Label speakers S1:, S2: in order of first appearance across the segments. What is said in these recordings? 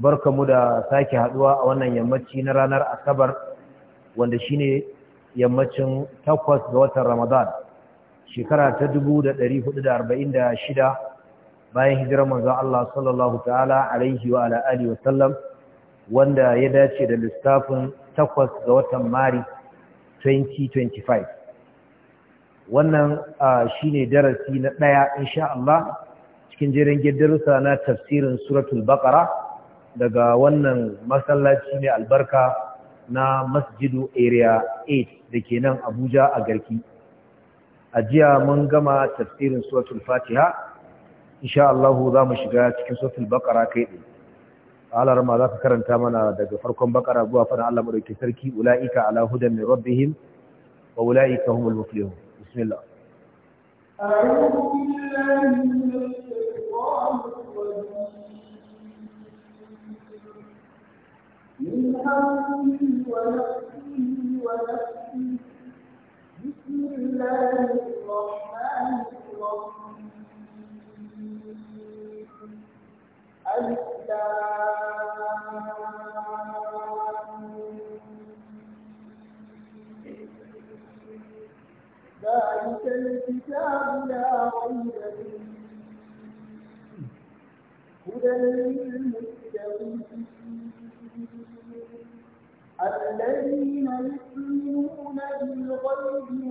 S1: barkamu da sake haduwa a wannan yammaci na ranar asabar wanda ne yammacin takwas ga watan ramadan shekara ta 1446 bayan hijirar manzon Allah sallallahu ta'ala alaihi wa ala alihi wasallam wanda ya dace da lissafin takwas ga watan mari 2025 wannan shine darasi na daya insha Allah cikin jerin darussa na tafsirin suratul baqara daga wannan masallaci mai albarka na masjidu area 8 da ke nan abuja a garki a jiya mun gama tafsirin suratul fatiha insha Allah za mu shiga cikin suratul bakara kai ɗin alar ma za ka karanta mana daga farkon baƙara zuwa fara Allah madaukakin sarki ulaika ala hudan min rabbihim wa ulaika humul muflihun bismillah
S2: أعوذ بالله من ويغفر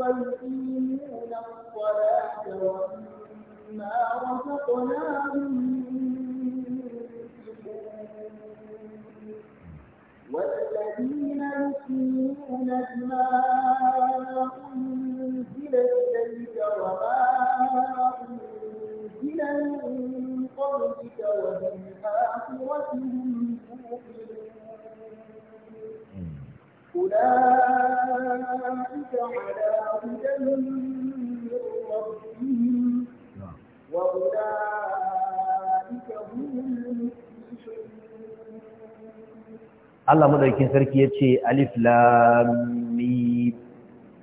S2: ويقيمون الصلاة ومما رزقناهم والذين يؤمنون بما أنزل إليك وما أنزل من قبلك وبالآخرة هم يوقنون أولئك أولئك
S1: على Allah sarki yace alif lam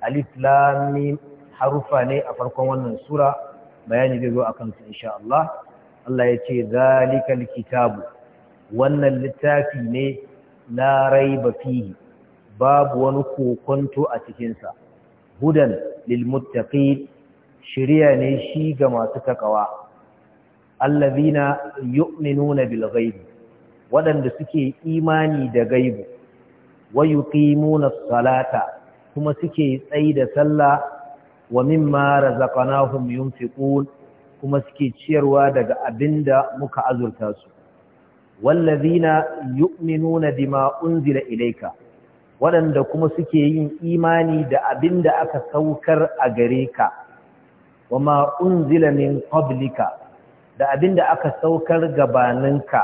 S1: alif lam harufa ne a farkon wannan sura bayani zai zo akan su insha Allah Allah yace zalikal kitabu wannan littafi ne la raiba fihi babu wani kokonto a cikinsa hudan lilmuttaqin shiriya ne shi ga masu takawa allazina yu'minuna bil ghaib wadanda suke imani da gaibu wa yuqimuna salata kuma suke tsayi da sallah wa mimma razaqnahum yunfiqun kuma suke ciyarwa daga abinda muka azurta su wallazina yu'minuna bima unzila ilayka waɗanda kuma suke yin imani da abin da aka saukar a gare ka wa ma'un zilamin publika da abin da aka saukar gabaninka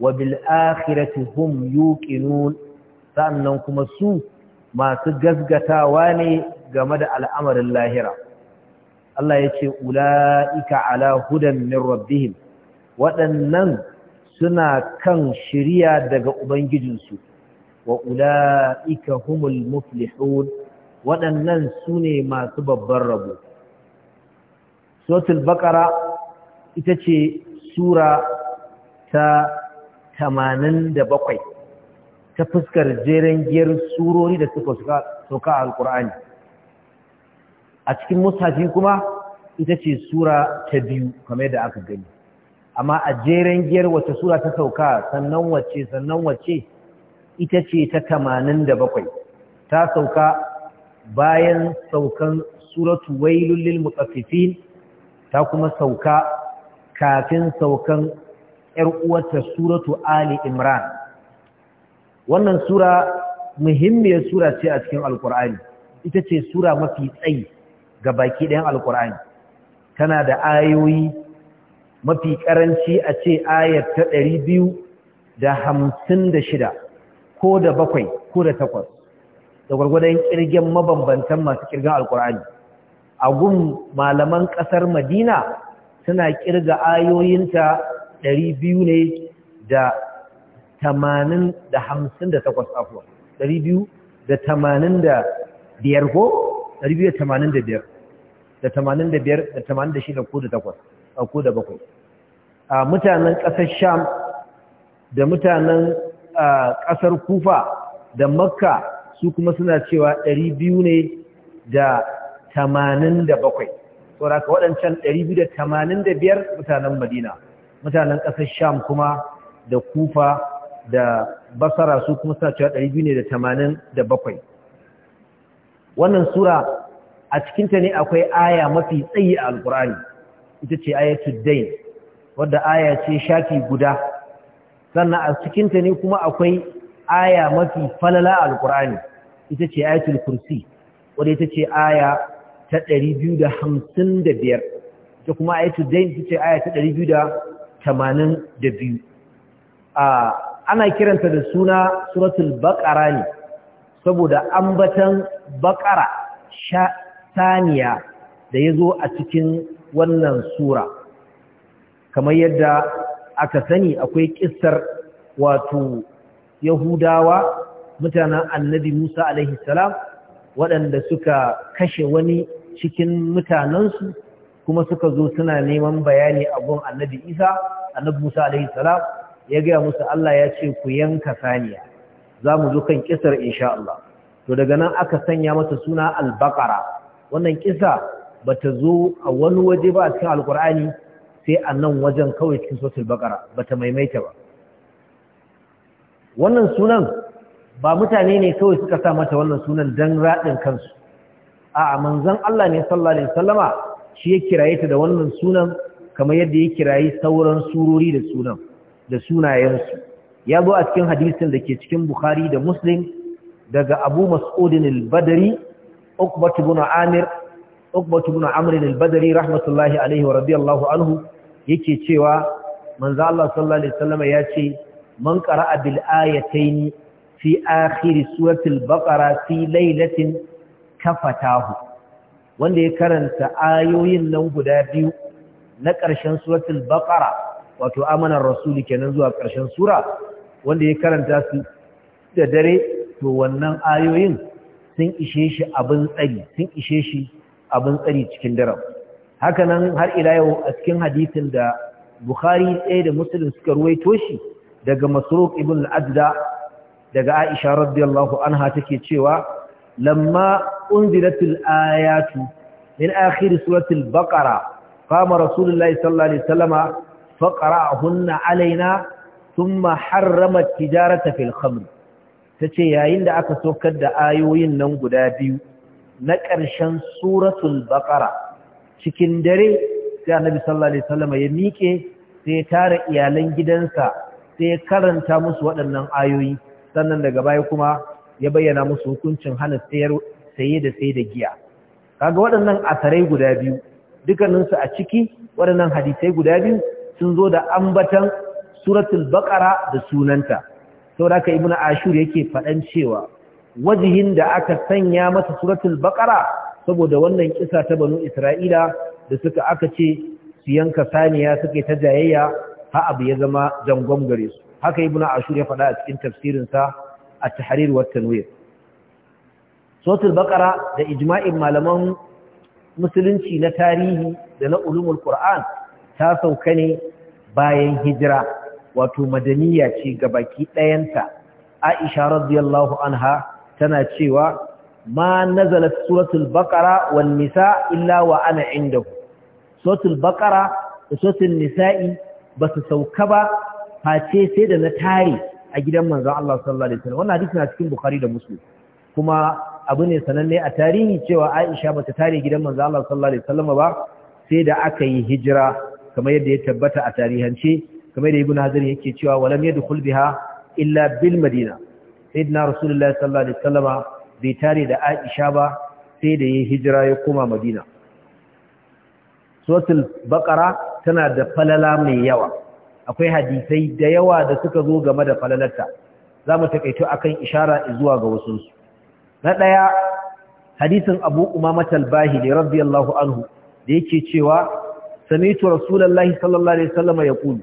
S1: wa bil'akhirati hum yuqinun sannan kuma su masu gasgatawa ne game da al'amarin lahira Allah ya ce ula'ika ala hudan min rabbihim waɗannan suna kan shirya daga ubangijinsu wa ula'ika humul muflihun waɗannan su ne masu babban rabo sotul bakara ita ce sura ta 87 ta fuskar jeren giyar surori da suka soka a a cikin mushafi kuma ita ce sura ta biyu kamar da aka gani amma a jeren giyar wace sura ta sauka sannan wace sannan wace ita ce ta tamanin da bakwai ta sauka bayan saukan suratu wailul lil mutaffifin ta kuma sauka kafin saukan ƴar uwarta suratu ali imran wannan sura muhimmiyar sura ce a cikin alqur'ani ita ce sura mafi tsayi ga baki ɗayan alqur'ani tana da ayoyi mafi ƙaranci a ce ayar ta shida. ko da bakwai ko da takwas da gwargwadon kirgin mabambantan masu kirgan alkur'ani a gun malaman ƙasar madina suna kirga ayoyinta ɗari biyu ne da tamanin da hamsin da takwas afuwa ɗari biyu da tamanin da biyar ko 285 biyu da tamanin da biyar da tamanin da biyar da tamanin da shida ko da takwas ko da bakwai a mutanen ƙasar sham da mutanen ƙasar kufa da makka su kuma suna cewa ɗari biyu ne da tamanin da bakwai ka waɗancan ɗari biyu da tamanin da biyar mutanen madina mutanen ƙasar sham kuma da kufa da basara su kuma suna cewa ɗari biyu ne da tamanin da bakwai wannan sura a cikinta ne akwai aya mafi tsayi a alkur'ani ita ce ayatul dain wadda aya ce shafi guda sannan a cikinta ne kuma akwai aya mafi falala a ita ce ayatul kursi wadda ita ce aya ta 255 ita kuma ayatul dain ita ce aya ta 282 ana kiranta da suna suratul baqara ne saboda ambatan baqara saniya da ya zo a cikin wannan sura kamar yadda aka sani akwai kissar wato yahudawa mutanen annabi musa alaihi salam waɗanda suka kashe wani cikin mutanensu kuma suka zo suna neman bayani a gon annabi isa annabi musa alaihi salam ya gaya musu allah ya ce ku yanka saniya za mu zo kan kisar insha Allah to daga nan aka sanya masa suna albakara wannan kisa bata zo a wani waje ba a cikin alkur'ani sai a nan wajen kawai cikin sotul bakara ba ta maimaita ba wannan sunan ba mutane ne kawai suka sa mata wannan sunan don raɗin kansu a manzan Allah ne sallallahu alaihi shi ya kiraye ta da wannan sunan kamar yadda ya kiraye sauran surori da sunan da sunayensu ya zo a cikin hadisin da ke cikin Bukhari da Muslim daga Abu Mas'udin al badari Uqbah Amir Uqbatu ibn Amr al-Badri rahmatullahi alaihi wa radiyallahu anhu yake cewa manzo Allah sallallahu alaihi wasallam ya ce man qara'a bil ayatayn fi akhir suratul baqara fi laylatin kafatahu wanda ya karanta ayoyin nan guda biyu na ƙarshen suratul baqara wato amanar rasuli kenan zuwa ƙarshen sura wanda ya karanta su da dare to wannan ayoyin sun ishe shi abin tsari sun ishe shi abin tsari cikin daren hakanan har ila yau a cikin hadisin da bukhari ɗaya da muslim suka ruwaito shi daga masruq ibn al-adda daga aisha radiyallahu anha take cewa lamma unzilatul ayatu min akhir suratul baqara qama rasulullahi sallallahu alaihi wasallama faqara'ahunna alaina thumma harrama tijarata fil khamr tace yayin da aka sokar da ayoyin nan guda biyu na ƙarshen suratul baƙara cikin dare sai annabi sallallahu alaihi wasallam ya miƙe sai ya tara iyalan gidansa sai ya karanta musu waɗannan ayoyi sannan daga baya kuma ya bayyana musu hukuncin hana saye da sai da giya kaga waɗannan asarai guda biyu dukkaninsu a ciki waɗannan hadisai guda biyu sun zo da ambatan suratul baƙara da sunanta saboda haka ibnu ashur yake faɗan cewa wajihin da aka sanya masa suratul baqara saboda wannan kisa ta banu isra'ila da suka aka ce su yanka saniya suke ta jayayya ha abu ya zama jangon gare su haka ibnu ashur ya faɗa a cikin tafsirin sa at-tahrir wa tanwir suratul baqara da ijma'in malaman musulunci na tarihi da na ulumul qur'an ta sauka ne bayan hijira wato madaniya ce ga baki ɗayanta aisha radiyallahu anha tana cewa ma nazalat suratul baqara wan nisa illa wa ana indahu suratul baqara da suratul nisa'i ba su sauka ba face sai da na tare a gidan manzon Allah sallallahu alaihi wasallam wannan hadisi na cikin bukhari da muslim kuma abu ne sananne a tarihi cewa Aisha bata tare gidan manzon Allah sallallahu alaihi wasallam ba sai da aka yi hijira kamar yadda ya tabbata a tarihance kamar da ibn hazar yake cewa walam yadkhul biha illa bil madina sayyidina rasulullahi sallallahu alaihi wasallama bai tare da Aisha ba sai da yayin hijira ya koma Madina suratul baqara tana da falala mai yawa akwai hadisai da yawa da suka zo game da falalarta zamu takaito akan ishara zuwa ga wasu na daya hadisin Abu Umama al-Bahili radiyallahu anhu da yake cewa sami'tu rasulullahi sallallahu alaihi wasallama yaqulu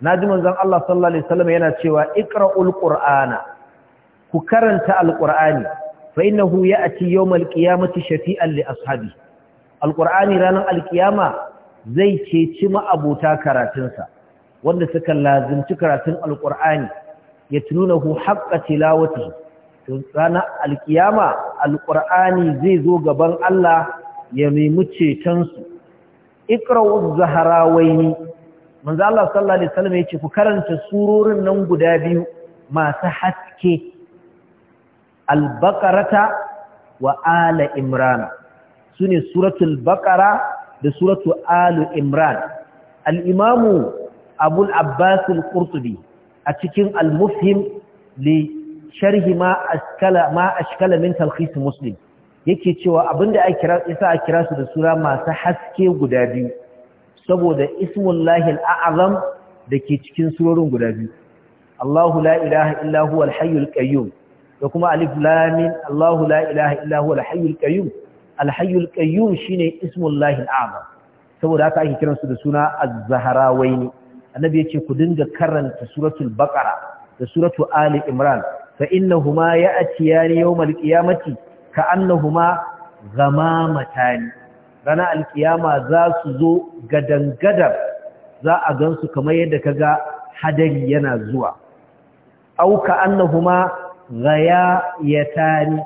S1: naji zan Allah sallallahu alaihi wasallama yana cewa iqra'ul qur'ana ku karanta alqur'ani fa innahu ya'ti yawmal qiyamati shafi'an li ashabi alqur'ani ranar alƙiyama zai ceci ma'abota karatunsa wanda suka lazimci karatun Alƙur'ani, ya alqur'ani yatlunahu haqqa tilawatihi ranar alƙiyama alƙur'ani zai zo gaban Allah ya nemi cetonsu ikra'u zaharawaini manzo Allah sallallahu alaihi wasallam yace ku karanta surorin nan guda biyu masu haske al wa ala imran sune suratul baqara da suratu alu imran al-imamu abul abbas al a cikin al-mufhim li sharhi ma askala ma min talkhis muslim yake cewa abinda ake isa a kira su da sura masu haske guda biyu saboda ismullahi al da ke cikin surorin guda biyu Allahu la ilaha illa huwa hayyul da kuma alif lamin Allahu la ilaha illa huwa al-hayyul qayyum al-hayyul qayyum shine ismullahi al-a'zam saboda haka ake kiransu da suna az-zahrawaini annabi yace ku dinga karanta suratul baqara da suratul ali imran fa innahuma ya'tiyani yawmal qiyamati zama ghamamatan rana al-qiyama za su zo gadangadar za a gansu kamar yadda kaga hadari yana zuwa auka annahuma gaya ya tani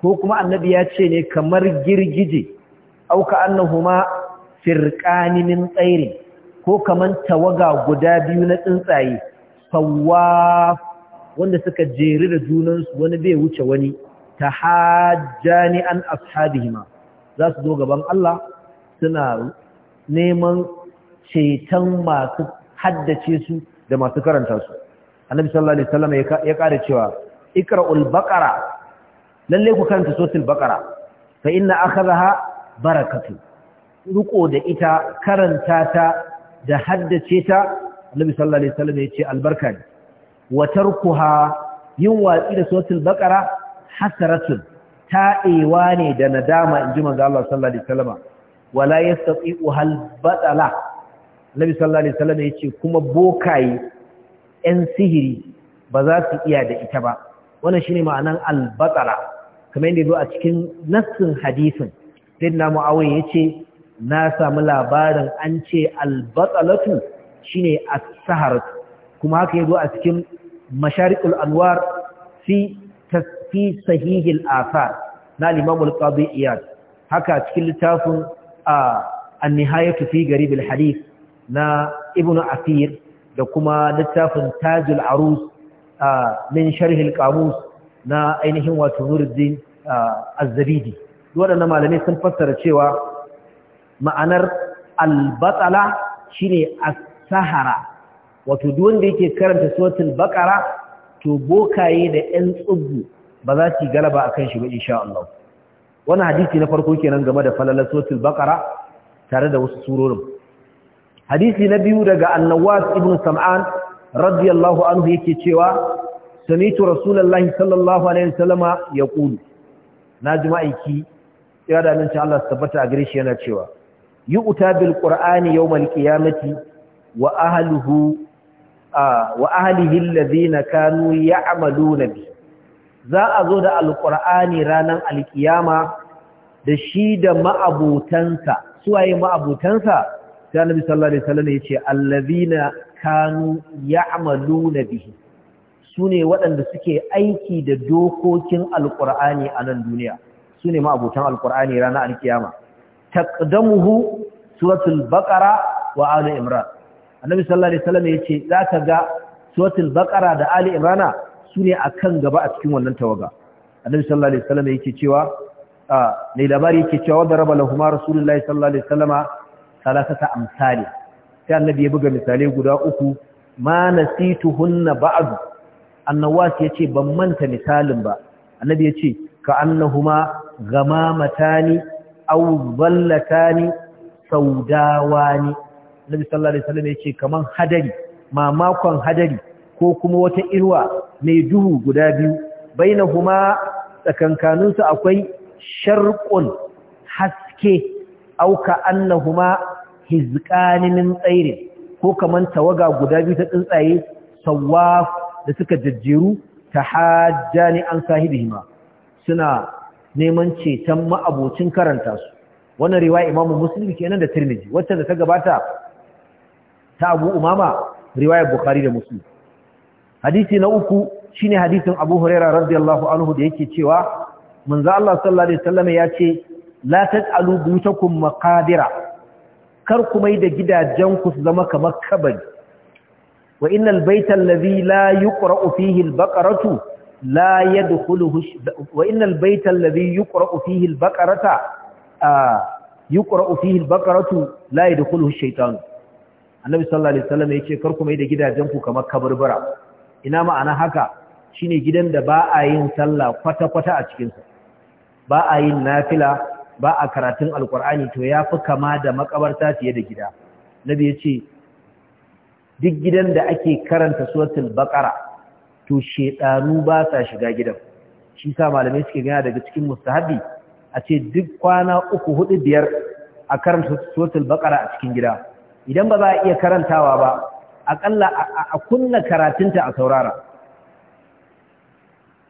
S1: ko kuma annabi ya ce ne kamar girgije auka annahuma firqani min tsairi ko kamar tawaga guda biyu na tsuntsaye sawaf wanda suka jeri da junansu wani bai wuce wani tahajjani an ashabihima za su zo gaban Allah suna neman ceton masu haddace su da masu karanta su annabi sallallahu alaihi wasallam ya kare cewa ikra'ul baqara lalle ku kanta sotul baqara fa inna akhadha barakatu ruko da ita karanta ta da haddace ta annabi sallallahu alaihi wasallam yace albarka ne wa tarkuha yin watsi da sotul baqara hasaratun taɗewa ne da nadama in ji manzo Allah sallallahu alaihi wasallam wala yastati'u hal batala Nabi sallallahu alaihi wasallam yace kuma bokai ɗan sihiri ba za su iya da ita ba wannan shine ma'anan al kamar yadda zo a cikin nassin hadisin mu'awai ya yace na samu labarin an ce al-batalatu shine as-sahar kuma haka ya zo a cikin masharikul anwar fi tasfi sahihil na al-imam qadi iyad haka cikin littafin an-nihayatu fi garib hadith na ibnu asir da kuma littafin tajul arus min sharhil qamus na ainihin wato Nuruddin Az-Zabidi waɗannan malamai sun fassara cewa ma'anar al-batala shine as-sahara wato duk wanda yake karanta suratul baqara to bokaye da ƴan tsubbu ba za su galaba akan shi ba insha Allah wannan hadisi na farko kenan game da falalar suratul baqara tare da wasu surorin hadisi na biyu daga annawas ibn sam'an radiyallahu anhu yake cewa samitu rasulullahi sallallahu alaihi wasallama yaqulu na ji ma'aiki ya da nan Allah tabbata a gare shi yana cewa Yi yu'ta bil qur'ani yawmal qiyamati wa ahlihi wa ahlihi alladhina kanu ya'maluna bi za a zo da alqur'ani ranan alqiyama da shi da ma'abutansa suwaye ma'abutansa sai annabi sallallahu alaihi wasallam yace alladhina kanu ya'maluna bihi ne waɗanda suke aiki da dokokin Alƙur'ani a nan duniya Su ne abotan Alƙur'ani rana alkiyama taqdamuhu suratul baqara wa ali imran annabi sallallahu alaihi wasallam yace ka ga suratul baqara da ali imrana a akan gaba a cikin wannan tawaga annabi sallallahu alaihi wasallam yake cewa ne ah, labari yake cewa daraba lahumma rasulullahi sallallahu alaihi wasallama salasata amsali sai annabi ya buga misalai guda uku ma nasituhunna ba'd annawas yace ban manta misalin ba annabi yace ka annahuma gamamatani aw dhallatani saudawani annabi sallallahu alaihi wasallam yace kaman hadari mamakon hadari ko kuma wata irwa mai duhu guda biyu bainahuma su akwai sharqun haske auka annahuma hizqani min tsairin ko kamar tawaga guda biyu ta tsuntsaye sawaf da suka jajjeru ta ne an sahibihima suna neman ceton ma'abocin karanta su wannan riwaya Imam Muslim kenan da Tirmidhi wacce da ta gabata ta Abu Umama riwaya Bukhari da Muslim hadisi na uku shine hadisin Abu Hurairah radiyallahu anhu da yake cewa manzo Allah sallallahu alaihi wasallam ya ce la taj'alu buyutakum maqadira kar ku mai da gidajenku su zama kamar kabari wa innal baita allazi la yuqra'u fihi al-baqaratu la yadkhuluhu wa innal baita allazi yuqra'u fihi al-baqarata yuqra'u fihi al-baqaratu la yadkhuluhu ash-shaytan annabi sallallahu alaihi wasallam yace kar ku mai da gidajenku kamar kabarbara ina ma'ana haka shine gidan da ba a yin sallah kwata-kwata a cikin sa ba a yin nafila ba a karatun alkur'ani to ya fi kama da makabarta fiye da gida nabi ya ce duk gidan da ake karanta suratul baqara to shedanu ba sa shiga gidan shi sa malamai suke gina daga cikin mustahabi a ce duk kwana uku hudu biyar a karanta suratul baqara a cikin gida idan ba za a iya karantawa ba akalla a kunna karatunta a saurara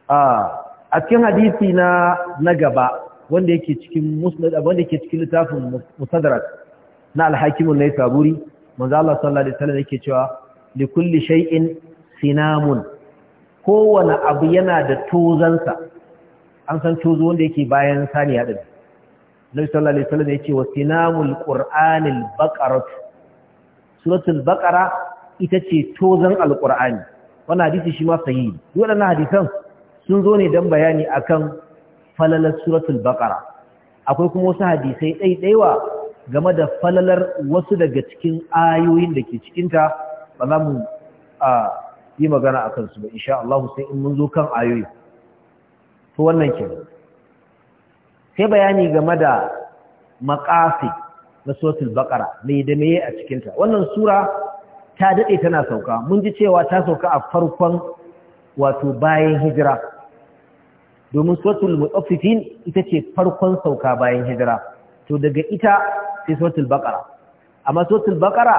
S1: a cikin hadisi na na gaba wanda yake cikin musnad wanda yake cikin littafin musaddarat na al-hakim ne saburi manzo Allah sallallahu alaihi wasallam yake cewa li kulli shay'in sinamun kowane abu yana da tozansa an san tozo wanda yake bayan saniya din Nabi sallallahu alaihi wasallam yake wa sinamul qur'anil baqarah suratul baqara ita ce tozan alqur'ani wannan hadisi shi ma sahihi waɗannan hadisan sun zo ne dan bayani akan falalar suratul baƙara, akwai kuma wasu hadisai ɗaiɗaiwa game da falalar wasu daga cikin ayoyin da ke cikinta ba za mu yi magana a kansu ba insha Allah sai in mun zo kan ayoyi to wannan ke sai bayani game da makafi na suratul baƙara, mai da meye a cikinta wannan sura ta dade tana sauka mun ji cewa ta sauka a farkon wato bayan hijira domin suratul mutaffifin ita ce farkon sauka bayan hijira to daga ita sai suratul baqara amma suratul baqara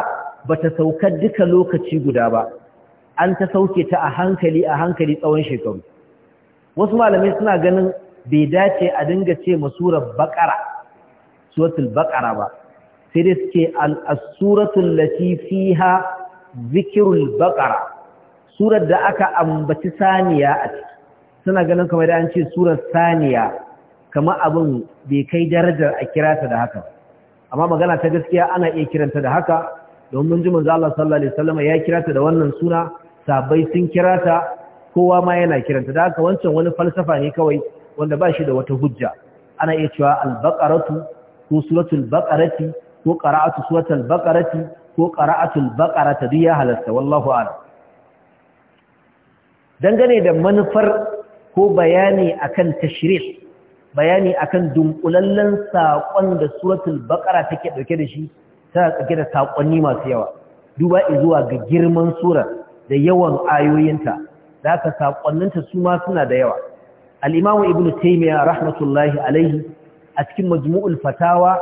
S1: bata sauka duka lokaci guda ba an ta sauke ta a hankali a hankali tsawon shekaru wasu malamai suna ganin bai dace a dinga ce surar baqara suratul baqara ba sai dai suke al-suratul lati fiha zikrul baqara surar da aka ambaci saniya a ciki suna ganin kamar da an ce surar saniya kama abin bai kai darajar a kira ta da haka amma magana ta gaskiya ana iya kiranta da haka domin ji manzo Allah sallallahu alaihi wasallam ya kira ta da wannan suna sabai sun kira ta kowa ma yana kiranta da haka wancan wani falsafa ne kawai wanda ba shi da wata hujja ana iya cewa al-baqaratu ko suratul baqarati ko qira'atu suratul baqarati ko qira'atul baqarati duk ya halasta wallahu a'lam dangane da manufar ko bayani akan tashrih bayani akan dunkulallen saƙon da suratul baqara take dauke da shi ta tsake da saƙonni masu yawa duba zuwa ga girman sura da yawan ayoyinta da saƙonninta su ma suna da yawa al-imam ibnu taymiya rahmatullahi Alayhi, a cikin majmu'ul fatawa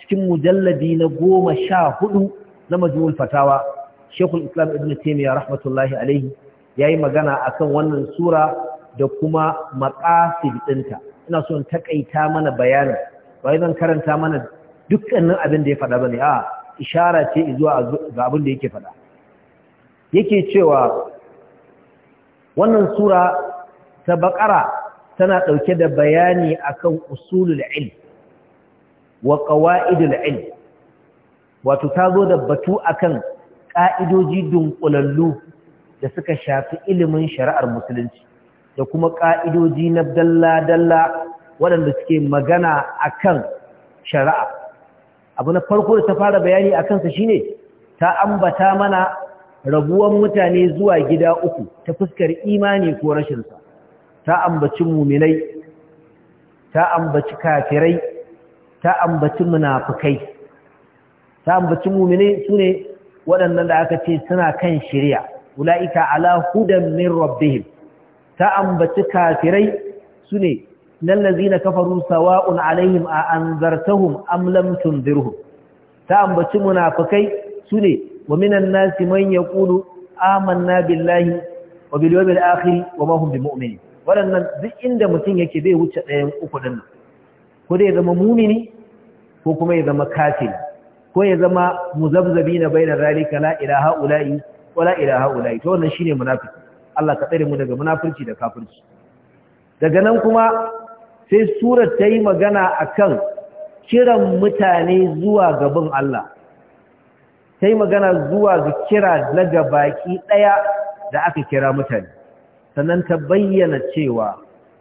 S1: cikin mujalladi na goma sha hudu na majmu'ul fatawa shekul islam ibnu taymiya rahmatullahi alaihi yayi magana akan wannan sura da kuma maqasid ɗinta ina so in takaita mana bayani. ba zan karanta mana dukkanin abin da ya faɗa bane a ishara ce zuwa ga abin da yake faɗa yake cewa wannan sura ta baqara tana ɗauke da bayani akan usulul ilm wa qawaidul ilm wato ta zo da batu akan ka'idoji dunkulallu da suka shafi ilimin shari'ar musulunci da kuma ƙa'idoji na dalla-dalla waɗanda suke magana a kan shari'a abu na farko da ta fara bayani a kansa shine ta ambata mana rabuwan mutane zuwa gida uku ta fuskar imani ko rashinsa ta ambaci muminai ta ambaci kafirai ta ambaci munafukai ta ambaci muminai su ne waɗannan da aka ce suna kan shirya Wulaika ala hudan min rabbihim ta ambaci kafirai su ne lallazina kafaru sawa'un alaihim a anzartahum am lam ta ambaci munafakai su ne wa minan nasi man yaqulu amanna billahi wa bil yawmil wa ma hum bimu'minin wadannan duk inda mutum yake bai wuce ɗayan uku din ko dai zama mumini ko kuma ya zama kafiri ko ya zama muzabzabina na zalika la ilaha ula'i wala ilaha ula'i Ta wannan ne munafiki Allah ka tsare mu daga munafurci da kafirci daga nan kuma sai sura ta yi magana akan kiran mutane zuwa gaban Allah ta yi magana zuwa ga kira na gabaki ɗaya da aka kira mutane sannan ta bayyana cewa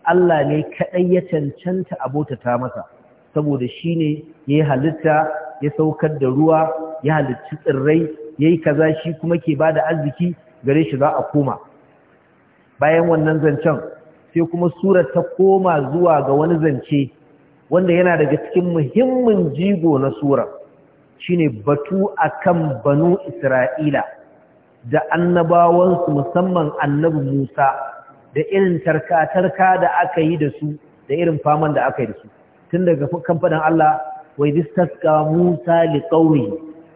S1: Allah ne kaɗai ya cancanta ta masa saboda shi ne ya yi halitta ya saukar da ruwa ya halitta tsirrai ya yi kaza shi kuma ke ba da arziki gare shi za a koma bayan wannan zancen sai kuma sura ta koma zuwa ga wani zance wanda yana daga cikin muhimmin jigo na sura, shine batu akan banu isra'ila da annabawansu musamman annabi musa da irin tarka-tarka da aka yi da su da irin faman da aka yi da su tun daga kan fadan Allah wai distaska musa liƙauri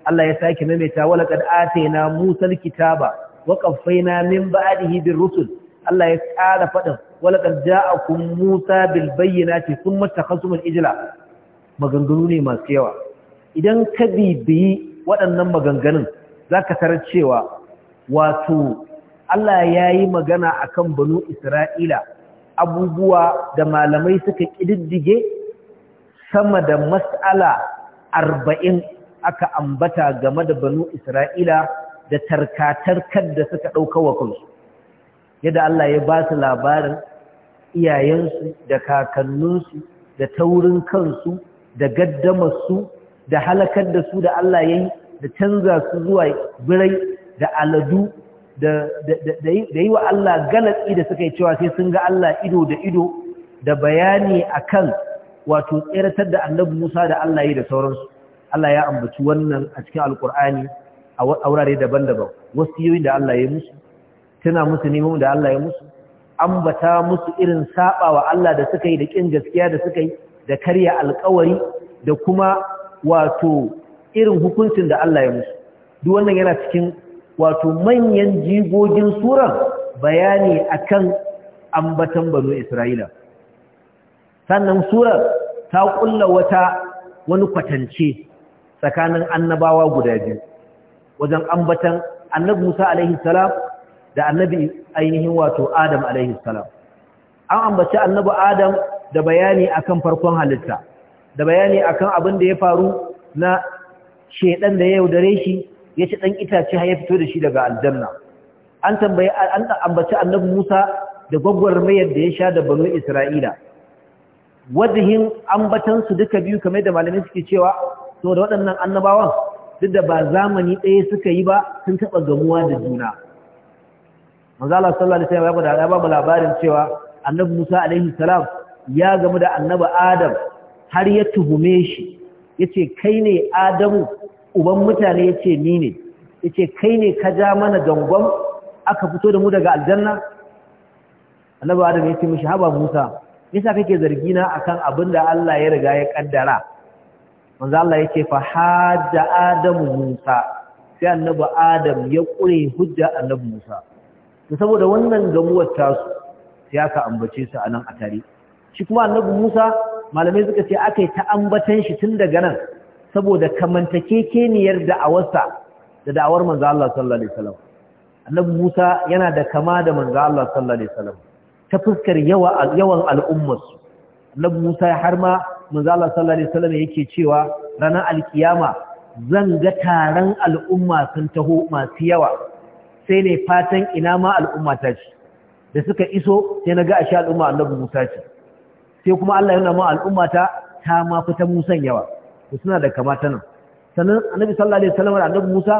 S1: Allah ya sake maimaita wala kad atayna musa kitaba wa qaffayna min ba'dihi bir rusul Allah ya ƙara faɗin walakar ja'akun musa bil bayyana ce sun mata kasumin ijila maganganu ne masu yawa idan ka bibiyi waɗannan maganganun za ka tarar cewa wato Allah ya yi magana a kan banu isra'ila abubuwa da malamai suka ƙididdige sama da matsala arba'in aka ambata game da banu isra'ila da tarkatarkar da suka ɗauka wa kansu yadda Allah ya ba su labarin iyayensu da kakanninsu da taurin kansu da gaddamarsu da halakar da su da Allah ya yi da canza su zuwa birai da aladu da yi wa Allah galatsi da suka yi cewa sai sun ga Allah ido da ido da bayani akan wato tseratar da annabi Musa da Allah yi da sauransu Allah ya ambaci wannan a cikin alkur'ani a wurare daban-daban wasu yoyin da Allah ya musu tuna musu neman da Allah ya musu ambata musu irin saba wa Allah da suka yi da kin gaskiya da suka yi da karya alƙawari da kuma wato irin hukuncin da Allah ya musu duk wannan yana cikin wato manyan jigogin suran bayani akan ambatan banu Isra'ila sannan surar ta kulla wata wani kwatance tsakanin annabawa guda biyu wajen ambatan annabi Musa alaihi salam da annabi ainihin wato Adam alaihi salam an ambaci annabi Adam da bayani akan farkon halitta da bayani akan abin da ya faru na shedan da ya yaudare shi ya ci dan itace har ya fito da shi daga aljanna an tambaye an ambaci annabi Musa da gwagwarmayar da ya sha da banu Isra'ila wajihin ambatansu duka biyu kamar da malamai suke cewa saboda waɗannan annabawan duk da ba zamani ɗaya suka yi ba sun taɓa gamuwa da juna manzo Allah sallallahu alaihi wasallam ya ba labarin cewa annabi Musa alaihi salam ya gamu da annabi Adam har ya tuhume shi yace kai ne Adamu uban mutane yace ni ne yace kai ne ka ja mana gangon aka fito da mu daga aljanna annabi Adam yace mishi haba Musa yasa kake zargi na akan abin da Allah ya riga ya kaddara manzo Allah yace fa hajja Adamu Musa sai annabi Adam ya kure hujja annabi Musa to saboda wannan gamuwar tasu ya aka ambace su anan a tare shi kuma annabi Musa malamai suka ce aka yi ta ambatan shi tun daga nan saboda kamantakekeniyar da'awarsa da da'awar manzo Allah sallallahu alaihi wasallam annabi Musa yana da kama da manzo Allah sallallahu alaihi wasallam ta fuskar yawa yawan su. annabi Musa har ma manzo Allah sallallahu alaihi wasallam yake cewa ranar alkiyama zan ga taron al'umma sun taho masu yawa sai ne fatan ina ma al'umma ta ce da suka iso sai na ga sha al'umma annabi Musa ce sai kuma Allah yana ma al'umma ta ta ma fita Musan yawa da suna da kamata nan sannan annabi sallallahu alaihi wasallam da annabi Musa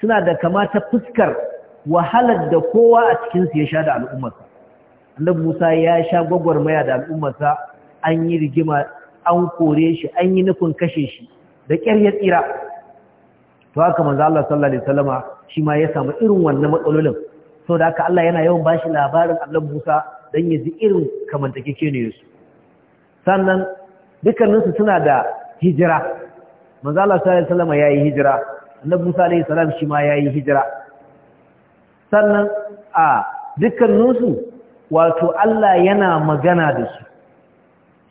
S1: suna da kamata fuskar wahalar da kowa a cikin su ya sha da al'ummarsa annabi Musa ya sha gwagwarmaya da al'ummarsa an yi rigima an kore shi an yi nufin kashe shi da ƙyar ya tsira to haka manzo Allah sallallahu alaihi wasallama shi ma ya samu irin wannan matsalolin da haka Allah yana yawan bashi labarin Allah Musa dan ya ji irin kamantakeke ne su sannan dukkanin su suna da hijira manzo Allah sallallahu alaihi wasallama yayi hijira Allah Musa alaihi salam shi ma yayi hijira sannan a dukkanin su wato Allah yana magana da su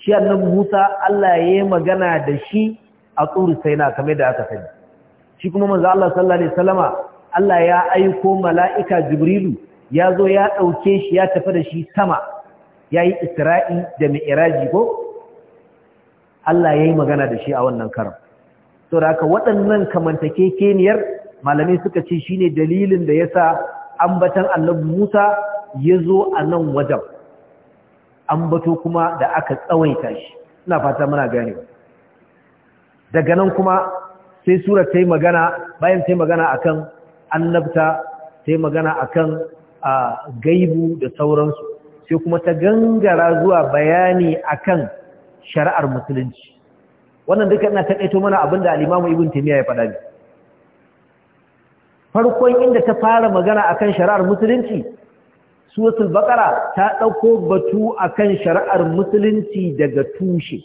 S1: shi annabi Musa Allah yayi magana da shi a tsuru sai na kamar da aka sani shi kuma manzo Allah sallallahu alaihi wasallama Allah ya aiko mala'ika Jibrilu ya zo ya dauke shi ya tafi da shi sama yayi Isra'i da Mi'raji ko Allah yayi magana da shi a wannan karam to da haka waɗannan kamantakekeniyar malamai suka ce shine dalilin da yasa ambatan Annabi Musa ya zo a nan wajen ambato kuma da aka tsawaita shi ina fata muna gane daga nan kuma sai surar ta yi magana bayan ta yi magana a annabta ta yi magana a kan gaibu da sauransu sai kuma ta gangara zuwa bayani akan kan shari'ar musulunci wannan duka ina taƙaito mana abin da alimamu ibn taimiyya ya faɗa ne farkon inda ta fara magana akan shari'ar musulunci suratul baƙara ta ɗauko batu akan shari'ar musulunci daga tushe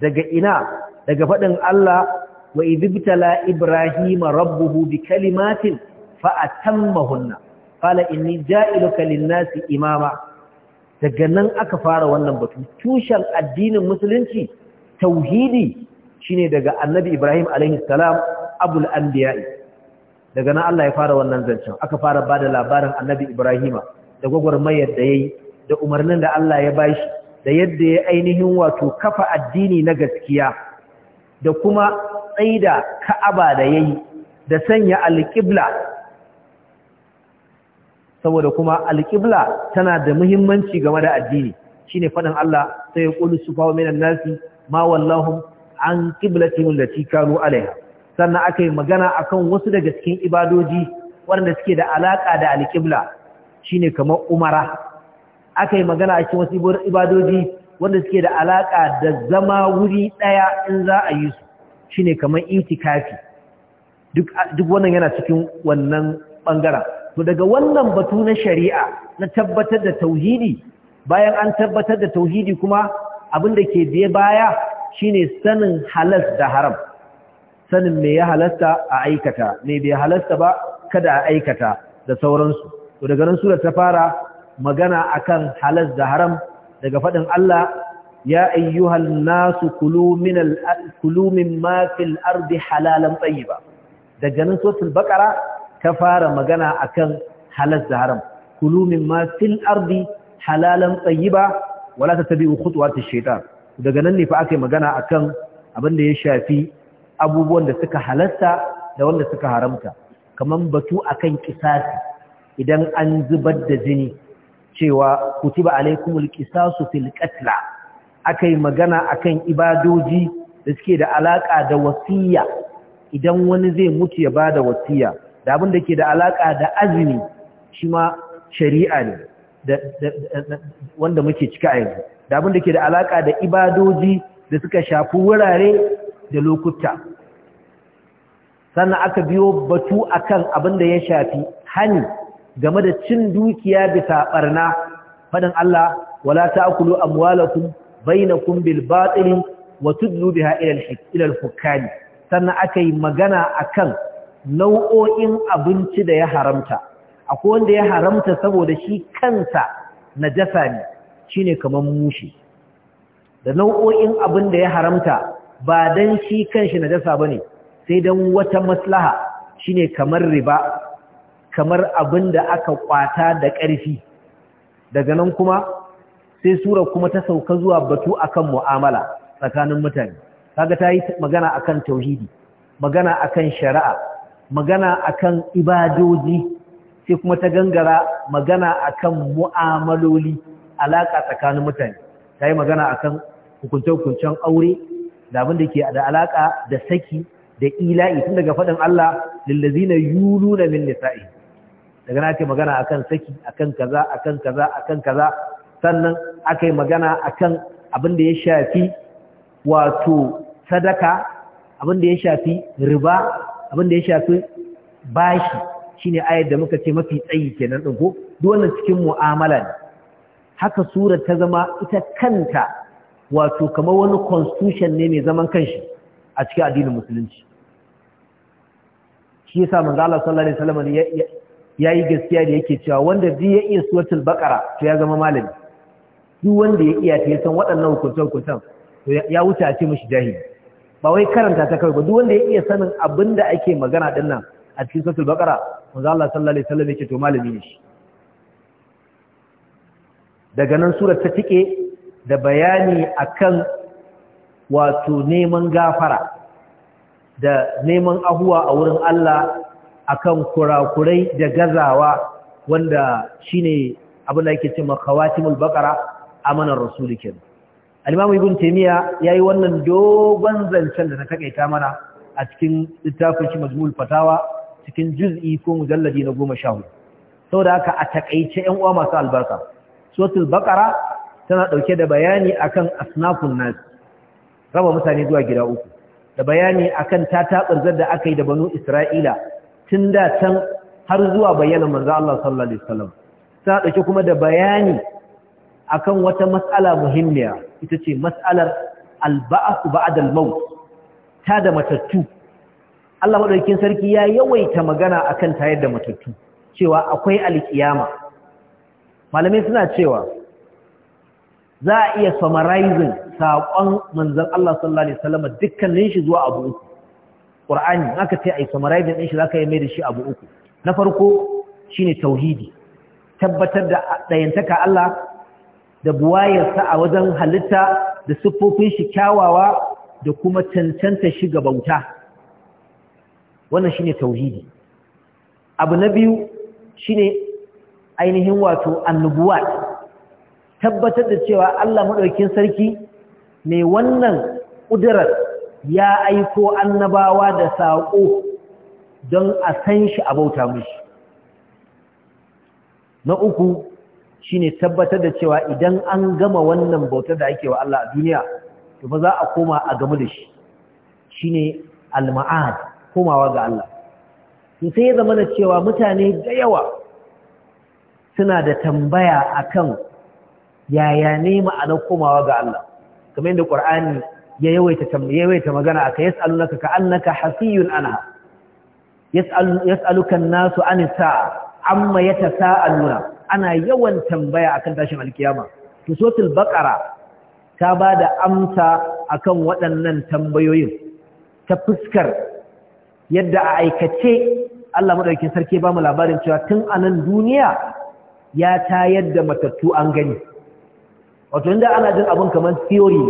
S1: daga ina daga faɗin allah wa idibtala ibrahim rabbuhu bi kalimatin fa atammahunna qala inni ja'iluka lin-nasi imama daga nan aka fara wannan batu tushen addinin musulunci tauhidi shine daga annabi ibrahim alaihi salam abul anbiya'i daga nan Allah ya fara wannan zancen aka fara bada labarin annabi ibrahima da gwagwarmayar da yayi da umarnin da Allah ya bashi da yadda ya ainihin wato kafa addini na gaskiya da kuma tsaida ka'aba da yayi da sanya alƙibla saboda kuma alƙibla tana da muhimmanci game da addini shine faɗin Allah sai ya su fawo minan nasi ma wallahum an qiblatihim allati kanu alaiha sannan akai magana akan wasu daga cikin ibadoji waɗanda suke da alaka da alƙibla shine kamar umara akai magana a cikin wasu ibadoji wanda suke da alaƙa da zama wuri ɗaya in za a yi su Shi ne kamar itikafi duk wannan yana cikin wannan bangaren to daga wannan batu na shari'a na tabbatar da tauhidi bayan an tabbatar da tauhidi kuma abin da ke biye baya shi ne sanin halas da haram sanin me ya halasta a aikata me bai halasta ba kada a aikata da sauransu to daga nan sura ta fara magana akan halas da haram daga faɗin Allah ya ayyuhan nasu kulu min al ardi halalan tayyiba daga nan suratul bakara ta fara magana akan halal da haram kulu mimma fil ardi halalan ba wala tattabi'u ta shaitan daga nan ne fa akai magana akan abin da ya shafi abubuwan da suka halasta da wanda suka haramta kamar batu akan kisasi idan an zubar da jini cewa kutiba alaikumul qisasu fil qatla aka yi magana akan ibadoji da suke da alaƙa da wasiya idan wani zai mutu ya ba da wasiya da abin da ke da alaƙa da azumi shi ma shari'a ne wanda muke cika a yanzu da abin da ke da alaƙa da ibadoji da suka shafi wurare da lokuta sannan aka biyo batu akan abin da ya shafi hani game da cin dukiya bisa barna faɗin Allah wala ta'kulu amwalakum bainakum bil batil wa tudlu biha ila al-ila al fukkan sannan akai magana akan nau'o'in abinci da ya haramta akwai wanda ya haramta saboda shi kansa najasa ne shine kaman mushi da nau'o'in abin da ya haramta ba dan shi kanshi na najasa bane sai dan wata maslaha shine kamar riba kamar abin da aka kwata da ƙarfi daga nan kuma sai sura kuma ta sauka zuwa batu akan mu'amala tsakanin mutane kaga ta yi magana akan tauhidi magana akan shari'a magana akan ibadoji sai kuma ta gangara magana akan mu'amaloli alaka tsakanin mutane ta yi magana akan hukunce-hukuncen aure da abin da ke da alaka da saki da ila'i tun daga faɗin Allah lillazina yuluna min nisa'i daga na ce magana akan saki akan kaza akan kaza akan kaza sannan aka yi magana akan abin da ya shafi wato sadaka abin da ya shafi riba abin da ya shafi bashi shine ayar da muka ce mafi tsayi kenan din ko duk cikin mu'amala ne haka surar ta zama ita kanta wato kamar wani constitution ne mai zaman kanshi a cikin addinin musulunci shi yasa manzo Allah sallallahu alaihi wasallam yi gaskiya da yake cewa wanda zai ya iya suratul baqara to ya zama malami duk wanda ya iya ta san waɗannan hukuntan-hukuntan ya wuce a ce mashi jahili ba wai karanta ta kawai ba duk wanda ya iya sanin abin da ake magana ɗin nan a cikin bakara, bakara manzo Allah sallallahu alaihi yake to malami ne shi daga nan surar ta tike da bayani akan wato neman gafara da neman ahuwa a wurin Allah akan kurakurai da gazawa wanda shine abin da yake cewa khawatimul baqara amanar rasuli kenan al-imam ibn taymiya yayi wannan dogon zancen da na takaita mana a cikin littafin shi majmul fatawa cikin juz'i ko mujalladi na goma 14 saboda haka a takaice ƴan uwa masu albarka suratul baqara tana dauke da bayani akan asnafun nas raba mutane zuwa gida uku da bayani akan ta tatabarzar da aka yi da banu isra'ila tun da can har zuwa bayyana manzo Allah sallallahu alaihi wasallam sai dauke kuma da bayani akan wata matsala muhimmiya ita ce matsalar alba'asu ba'da al-maut ta da matattu Allah madaukakin sarki ya yawaita magana akan tayar da matattu cewa akwai alkiyama malamai suna cewa za a iya summarizing saƙon manzon Allah sallallahu alaihi wasallam dukkanin shi zuwa abu uku Qur'ani aka ce ai summarizing din shi zaka yi mai da shi abu uku na farko shine tauhidi tabbatar da dayantaka Allah da buwayarsa a wajen halitta da siffofin shi kyawawa da kuma cancanta shi ga bauta wannan shine tauhidi abu na biyu shine ainihin wato annubuwa tabbatar da cewa Allah madaukakin sarki mai wannan kudirar ya aiko annabawa da saƙo don a san shi a bauta mishi na uku shine tabbatar da cewa idan an gama wannan bautar da ake wa Allah a duniya to fa za a koma a gamu da shi shine al-ma'ad komawa ga Allah to sai ya zama da cewa mutane da yawa suna da tambaya akan yaya ne ma'anar komawa ga Allah kamar yadda Qur'ani ya yawaita yawaita magana aka yas'alunaka ka'annaka hasiyun anha yas'aluka an-nasu an sa'a amma yatasaaluna ana yawan tambaya akan tashin alkiyama to suratul baqara ta bada amsa akan waɗannan tambayoyin ta fuskar yadda a aikace Allah madaukakin sarki ba mu labarin cewa tun anan duniya ya ta yadda matattu an gani wato inda ana jin abin kamar theory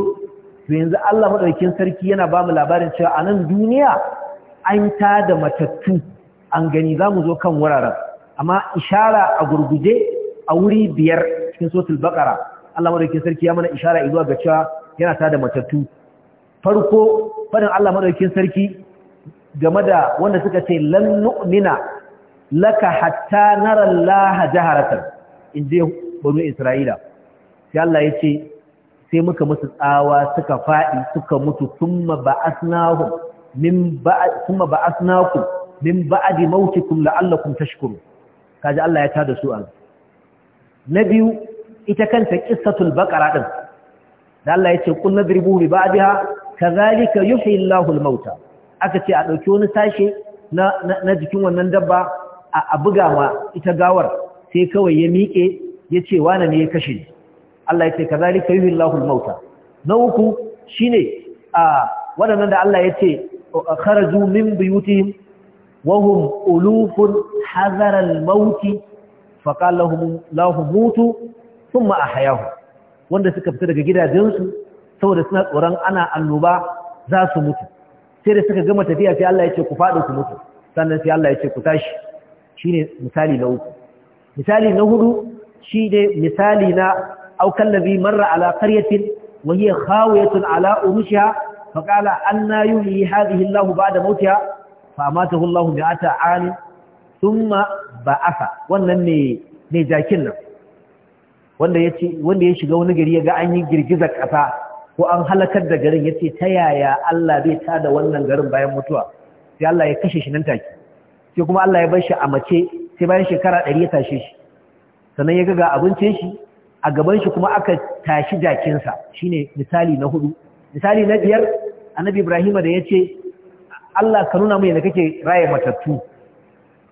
S1: to yanzu Allah madaukakin sarki yana ba mu labarin cewa anan duniya an ta da matattu an gani zamu zo kan wuraren amma ishara a gurguje a wuri biyar cikin sotul bakara Allah madaukin sarki ya mana ishara izuwa ga cewa yana ta da matattu farko fadin Allah madaukin sarki game da wanda suka ce lan nu'mina laka hatta nara Allah jaharatan inje banu Isra'ila sai Allah ya ce sai muka musu tsawa suka fadi suka mutu thumma ba'asnahum min ba'd thumma ba'asnakum min ba'di mautikum la'allakum tashkurun kaji Allah ya tada su na biyu ita kanta qissatul baqara din da Allah ya ce qul nadribu bi ba'daha kadhalika yuhyi Allahu al-mauta aka ce a dauki wani sashe na na jikin wannan dabba a buga ma ita gawar sai kawai ya miƙe ya ce wane ne ya kashe Allah ya ce kadhalika yuhyi Allahu al-mauta na uku shine a waɗannan da Allah ya ce kharaju min buyutihim وهم ألوف حذر الموت فقال لهم لا موتوا ثم أحياهم wanda suka fita daga gidajensu saboda suna tsoron ana annoba za su mutu sai da suka gama tafiya sai Allah ya ce ku faɗi ku mutu sannan sai Allah ya ce ku tashi shine misali na uku misali na hudu shi ne misali na aukan labi marra ala qaryatin wa hiya khawiyatun ala urushiha fa qala anna yuhyi hadhihi Allahu ba'da mautiha fa amatahu Allahu mi'ata an thumma ba'atha wannan ne ne jakin nan wanda yace wanda ya shiga wani gari ya ga an yi girgizar kasa ko an halakar da garin yace ta yaya Allah zai tada wannan garin bayan mutuwa sai Allah ya kashe shi nan take sai kuma Allah ya bar shi a mace sai bayan shekara 100 ya tashe shi sannan ya ga abincin shi a gaban shi kuma aka tashi jakinsa shine misali na hudu misali na biyar annabi Ibrahim da yace Allah ka nuna mu kake raye matattu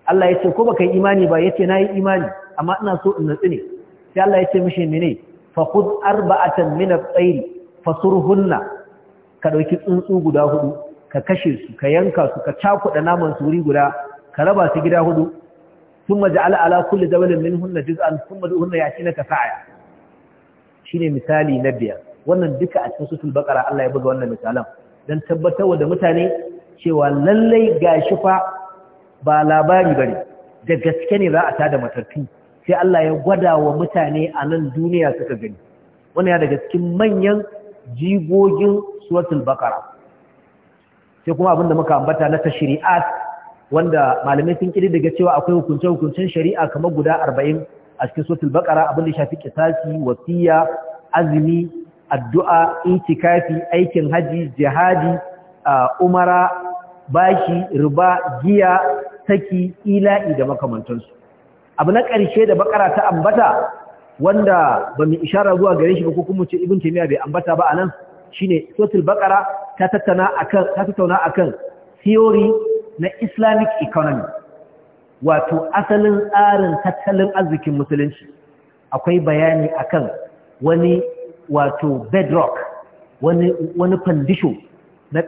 S1: Allah ya ce ko baka yi imani ba yace nayi imani amma ina so in natsi ne sai Allah ya ce mishi mene fa khudh arba'atan min at-tayr fasurhunna ka dauki tsuntsu guda hudu ka kashe su ka yanka su ka cakuda naman su wuri guda ka raba su gida hudu thumma ja'ala ala kulli jabalin minhunna juz'an thumma duhunna ya'tinaka sa'a shine misali na biyar wannan duka a cikin sutul baqara Allah ya buga wannan misalan dan tabbatar da mutane cewa lallai ga shi fa ba labari ba ne. da gaske ne za a tada matattu sai Allah ya gwada wa mutane a nan duniya suka gani Wani ya daga cikin manyan jigogin suratul baqara sai kuma da muka ambata na shari'a wanda malamai sun kiri daga cewa akwai hukunce hukuncen shari'a kamar guda 40 a cikin suratul baqara abin da shafi kisasi wasiya azumi addu'a itikafi aikin haji jihadi umara bashi riba giya saki ila'i da makamantansu abu na ƙarshe da bakara ta ambata wanda ba mu ishara zuwa gare shi ba ko kuma ce ibn taymiya bai ambata ba anan shine suratul baqara ta tattauna akan ta tattauna akan theory na islamic economy wato asalin tsarin tattalin arzikin musulunci akwai bayani akan wani wato bedrock wani wani condition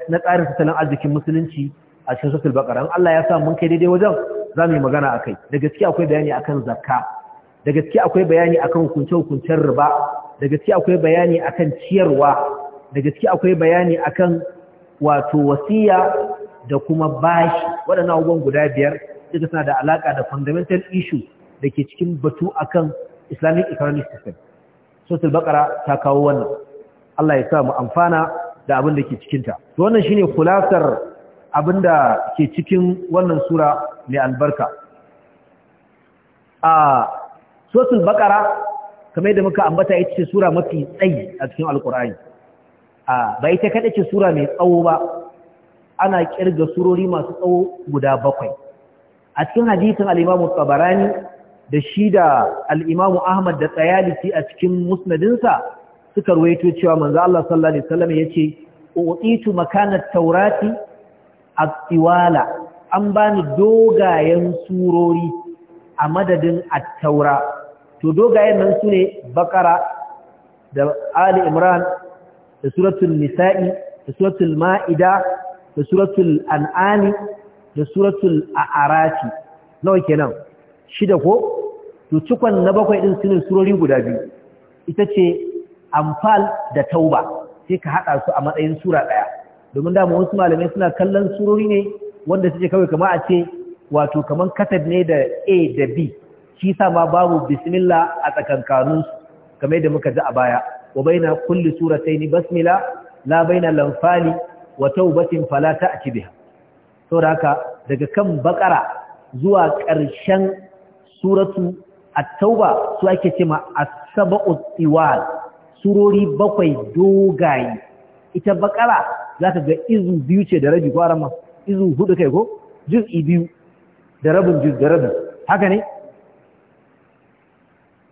S1: na tsarin tattalin arzikin musulunci a cikin suratul In Allah ya sa mun kai daidai wajen za mu yi magana a kai. da gaske akwai bayani akan zakka da gaske akwai bayani akan hukunce-hukuncen riba da gaske akwai bayani akan ciyarwa da gaske akwai bayani akan wato wasiya da kuma bashi waɗannan abubuwan guda biyar duka suna da alaƙa da fundamental issue da ke cikin batu akan islamic economic system suratul bakara ta kawo wannan Allah ya sa mu amfana da abin da ke cikinta to wannan shine kulasar abin da ke cikin wannan sura mai albarka a sosul bakara kamar da muka ambata ita ce sura mafi tsayi a cikin alkur'ani a ba ita kada ce sura mai tsawo ba ana kirga surori masu tsawo guda bakwai a cikin hadisin Alimamu imamu da shi da al ahmad da tsayalisi a cikin musnadinsa suka ruwaito cewa manzo Allah sallallahu alaihi wasallam yace uqitu makanat taurati a an bani dogayen surori a madadin at-taura to dogayen nan sune bakara da ali imran da suratul nisa'i da suratul ma'ida da suratul an'ami da suratul arafi nawa kenan shida ko to cikon na bakwai din sune surori guda biyu ita ce amfal da tauba sai ka haɗa su a matsayin sura ɗaya domin dama wasu malamai suna kallon surori ne wanda suke kawai kama a ce wato kamar katab ne da a da b shi sa ma babu bismillah a su kamar da muka ji a baya wa baina kulli suratayn basmila la baina lanfali wa taubatin fala ta'ti biha saboda haka daga kan bakara zuwa ƙarshen suratu at-tauba su ake cewa as-sab'u tiwal surori bakwai dogaye ita bakara za ka ga izu biyu ce da rabi ko ma izu hudu kai ko juz'i biyu da rabin juz da rabin haka ne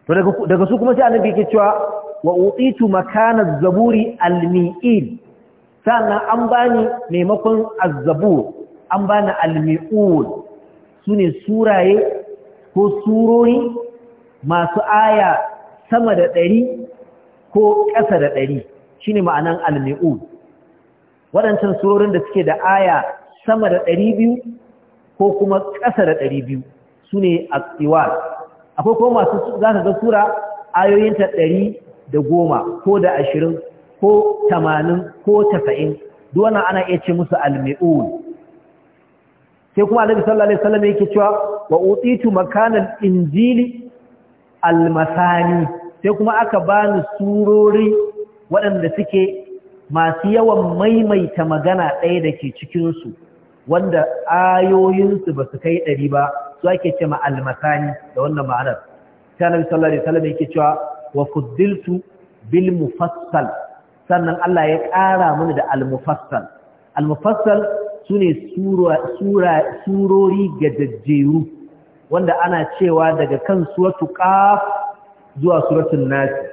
S1: to daga su kuma sai annabi yake cewa wa utitu makana zaburi almi'il sannan an bani maimakon azzabur an bani almi'ul sune suraye ko surori masu aya sama da ɗari ko ƙasa da ɗari shi ne ma'anan almi'ud waɗancan surorin da suke da aya sama da ɗari biyu ko kuma ƙasa da ɗari biyu su ne a tsiwar akwai kuma masu za ka ga ayoyinta ɗari da goma ko da ashirin ko tamanin ko tasa'in duwana ana iya ce musu almi'ud sai kuma annabi sallallahu alaihi wasallam yake cewa wa utitu makanal injili almasani sai kuma aka bani surori waɗanda suke masu yawan maimaita magana ɗaya da ke cikinsu wanda ayoyinsu ba su kai ɗari ba su ake ce ma'almasani da wannan ma'anar ta nabi sallallahu alaihi wasallam yake cewa wa fuddiltu bil mufassal sannan Allah ya ƙara mini da al mufassal al mufassal sune sura sura surori gajajjeru wanda ana cewa daga kan suratu qaf zuwa suratun nasi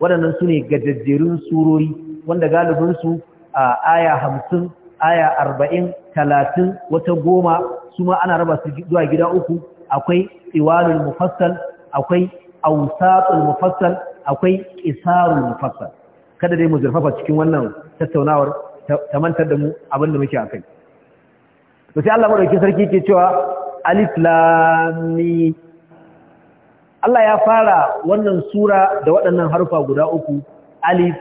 S1: waɗannan su ne gajajjerun surori wanda galibinsu a aya hamsin aya arba'in talatin wata goma su ma ana raba su zuwa gida uku akwai iwalul mufassal akwai ausatul mufassal akwai qisarul mufassal kada dai mu zurfafa cikin wannan tattaunawar ta mantar da mu abin da muke akai to sai Allah madaukakin sarki ke cewa alif lam Allah ya fara wannan sura da waɗannan harfa guda uku alif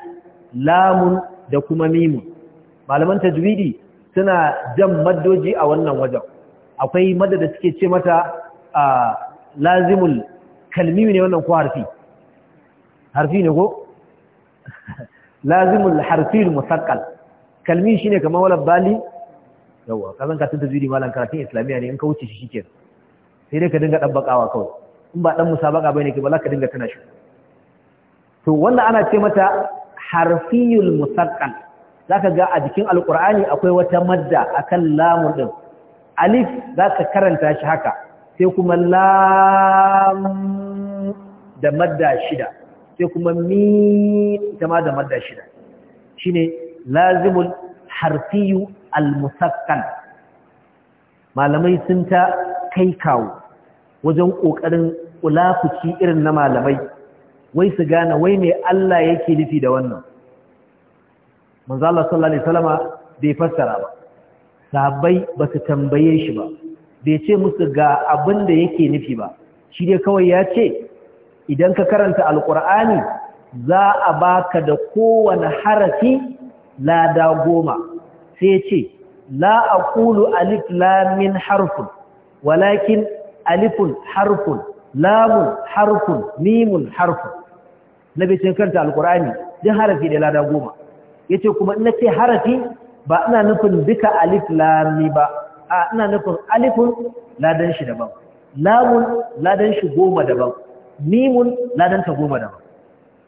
S1: lamun da kuma mimun malaman tajwidi suna jan maddoji a wannan wajen akwai madada suke ce mata a lazimul kalmi ne wannan ko harfi harfi ne ko lazimul Harfi musaqqal kalmi shine kamar wala bali yawa kazan ka tajwidi malan karatun islamiya ne in ka wuce shi shikenan sai dai ka dinga dabbakawa kawai in ba dan musabaka bane ke ba za ka dinga kana shi to wanda ana ce mata harfiyul musaqqal zaka ga a jikin alqur'ani akwai wata madda akan lamun din alif zaka karanta shi haka sai kuma lam da madda shida sai kuma mim ma da madda shida shine lazimul harfiyu musaqqal malamai sun ta kai kawo wajen ƙoƙarin ƙulafuci irin na malamai wai su gane wai mai Allah yake nufi da wannan manzo Allah sallallahu alaihi wasallama bai fassara ba sahabbai ba su tambaye shi ba bai ce musu ga abin da yake nufi ba shi dai kawai ya ce idan ka karanta Alƙur'ani, za a baka da kowane harafi lada goma sai ce la aqulu alif lam min harfun walakin alifun harfun lamun harfun mimun harfun na bisin kanta alkurani din harafi da lada goma ya ce kuma ina ce harafi ba ina nufin duka alif lami ba a ina nufin alifun ladan shi daban lamun ladan shi goma daban mimun ladan ta goma daban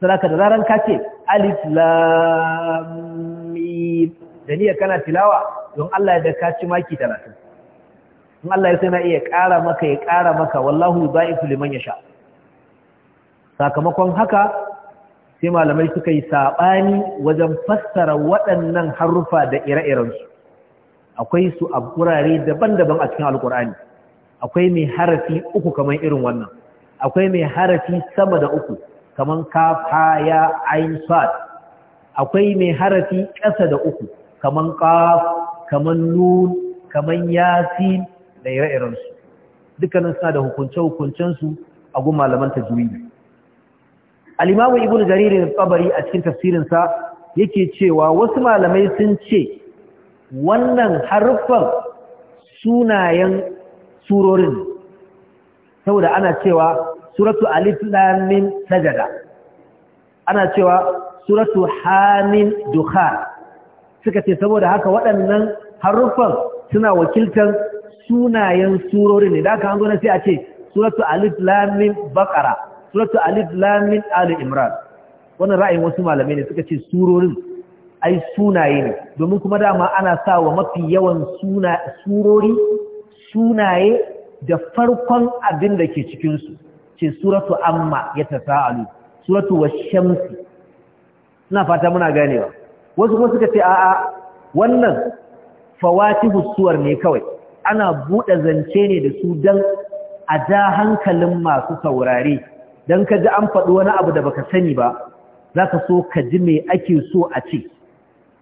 S1: sadaka da zaran ka ce alif lami da niyya kana tilawa don Allah ya da ka ci maki talatin in Allah ya sai na iya ƙara maka ya ƙara maka wallahu za'ifu liman yasha sakamakon haka sai malamai suka yi saɓani wajen fassara waɗannan haruffa da ire iren su. akwai su a gurare daban-daban a cikin alkur'ani akwai mai harafi uku kamar irin wannan akwai mai harafi sama da uku kamar kaf ha ya ain sad akwai mai harafi ƙasa da uku kamar qaf kamar nun kamar yasin da ire-irensu dukkanin suna da hukunce-hukuncensu a gun malaman tajwidi al-imamu ibn jarir al-tabari a cikin tafsirin sa, yake cewa wasu malamai sun ce wannan haruffan sunayen surorin saboda ana cewa suratu alif lam mim sajada ana cewa suratu hamim dukhan suka ce saboda haka waɗannan haruffan suna wakiltar sunayen surorin ne da kan zo na sai a ce suratu alif lam mim suratu alif lam ali imran wannan ra'ayin wasu malamai ne suka ce surorin ai sunaye ne domin kuma dama ana sa wa mafi yawan surori sunaye da farkon abin da ke cikin su ce suratu amma yatasaalu suratu wash-shamsi ina fata muna ganewa wasu kuma suka ce a'a wannan fawatihu suwar ne kawai ana buɗe zance ne da su don a ja hankalin masu saurare don ka ji an faɗi wani abu da baka sani ba za ka so ka ji me ake so a ce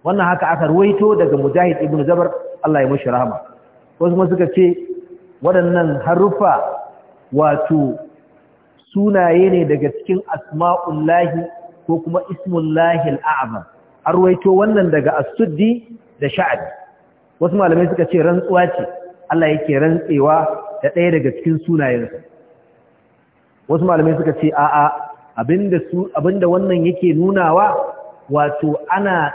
S1: wannan haka aka ruwaito daga mujahid ibn zabar Allah ya mashi rahama wasu kuma suka ce waɗannan haruffa wato sunaye ne daga cikin asma'ullahi ko kuma ismullahi al'azam an ruwaito wannan daga as-suddi da sha'abi wasu malamai suka ce rantsuwa ce Allah yake rantsewa da ɗaya daga cikin sunayensa wasu malamai suka ce a'a abinda su abinda wannan yake nunawa wato ana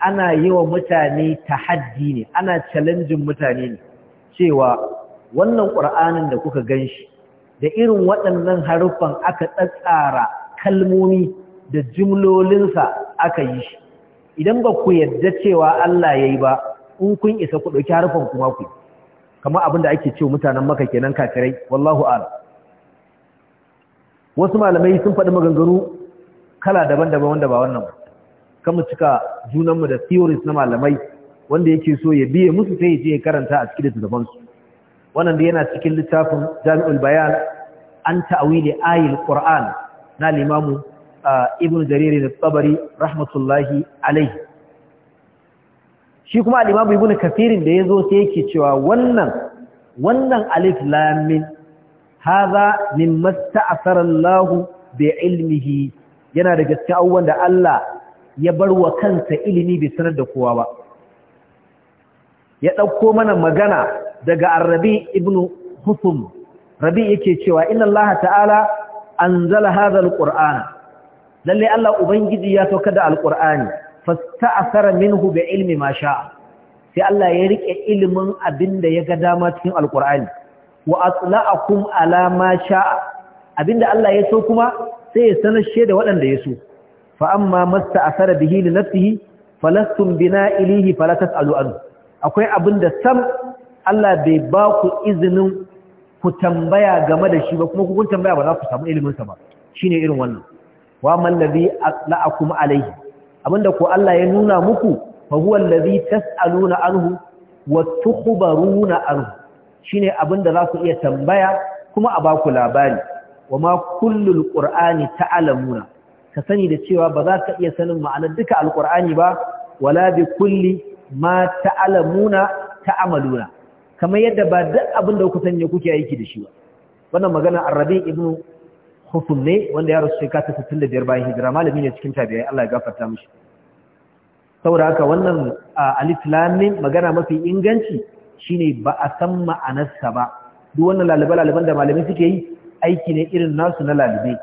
S1: ana yi wa mutane ta haddi ne ana challenging mutane ne cewa wannan qur'anin da kuka gan shi, da irin waɗannan haruffan aka tsatsara kalmomi da jimlolinsa aka yi shi idan ba ku yadda cewa Allah yayi ba in kun isa ku ɗauki haruffan kuma ku yi kamar abin da ake cewa mutanen maka kenan kafirai wallahu wasu malamai sun faɗi maganganu kala daban-daban wanda ba wannan ba kan mu cika junanmu da theories na malamai wanda yake so ya biye musu sai ya je ya karanta a cikin littattafansu wannan da yana cikin littafin Jami'ul Bayan an ta'awili ayil Qur'an na limamu ah, Ibn Jarir al-Tabari rahmatullahi alayhi shi kuma al-imamu ibnu kafirin da zo sai yake cewa wannan wannan alif lam min hadha mimma ta'athara Allah bi ilmihi yana da gaske abubuwan da Allah ya bar wa kansa ilimi bai sanar da kowa ba ya dauko mana magana daga Arabi ibnu Husum Rabi yake cewa inna Allah ta'ala anzala hadha al-Qur'ana lalle Allah ubangiji ya saukar da al-Qur'ani fasta'asara minhu bi ilmi ma sha'a sai Allah ya rike ilimin abinda ya ga dama cikin alqur'ani wa atla'akum ala ma sha'a abinda Allah ya so kuma sai ya sanashe da waɗanda ya so fa amma masta'asara bihi li nafsihi falastum bina'ilihi fala an akwai abinda sam Allah bai ba ku izinin ku tambaya game da shi ba kuma kun tambaya ba za ku samu ilimin sa ba shine irin wannan wa man ladhi atla'akum alayhi abinda ko Allah ya nuna muku fa huwa allazi tas'aluna anhu wa tukhbaruna anhu shine abinda za ku iya tambaya kuma a baku labari wa ma kullul qur'ani ta'lamuna ka sani da cewa ba za ka iya sanin ma'anar duka alqur'ani ba wala bi kulli ma ta'lamuna ta'amaluna kamar yadda ba duk abinda ku sanya kuke aiki da shi ba wannan magana Arabi ibnu hukun ne wanda ya rasu shekara da 65 bayan hijira malami ne cikin tabi'ai Allah ya gafarta mishi saboda haka wannan alif lam magana mafi inganci shine ba a san ma'anarsa ba duk wannan lalibe laliban da malami suke yi aiki ne irin nasu na lalibe